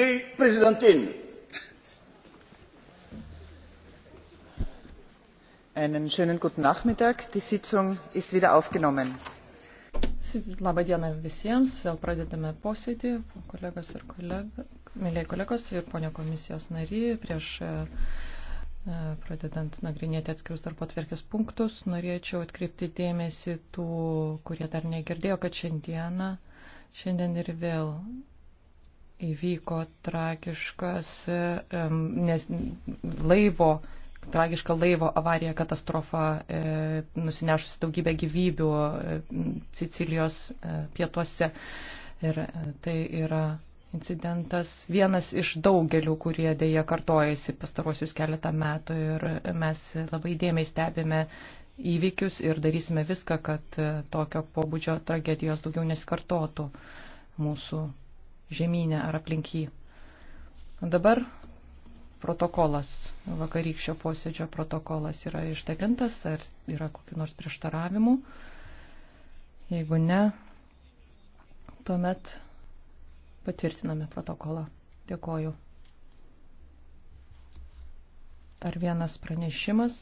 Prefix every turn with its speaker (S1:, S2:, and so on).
S1: Die Präsidentin!
S2: Einen schönen guten Nachmittag. Die Sitzung ist wieder aufgenommen.
S3: Labą dieną visiems. Vėl pradedame posėdį. Kolegos ir kolega, mėlyje kolegos ir ponio komisijos nary, prieš e, e, pradedant nagrinėti atskirus darbo tvarkės punktus, norėčiau atkreipti dėmesį tų, kurie dar negirdėjo, kad šiandieną, šiandien ir vėl įvyko tragiškas, nes laivo, tragiška laivo avarija katastrofa, e, nusinešusi daugybę gyvybių e, Sicilijos e, pietuose. Ir tai yra incidentas, vienas iš daugelių, kurie dėja kartojasi pastarosius keletą metų ir mes labai dėmiai stebime įvykius ir darysime viską, kad tokio pobūdžio tragedijos daugiau nesikartotų mūsų žemynę ar aplink jį. Dabar protokolas, vakarykščio posėdžio protokolas yra išdalintas, ar yra kokiu nors prieštaravimu. Jeigu ne, tuomet patvirtiname protokolą. Dėkoju. Dar vienas pranešimas.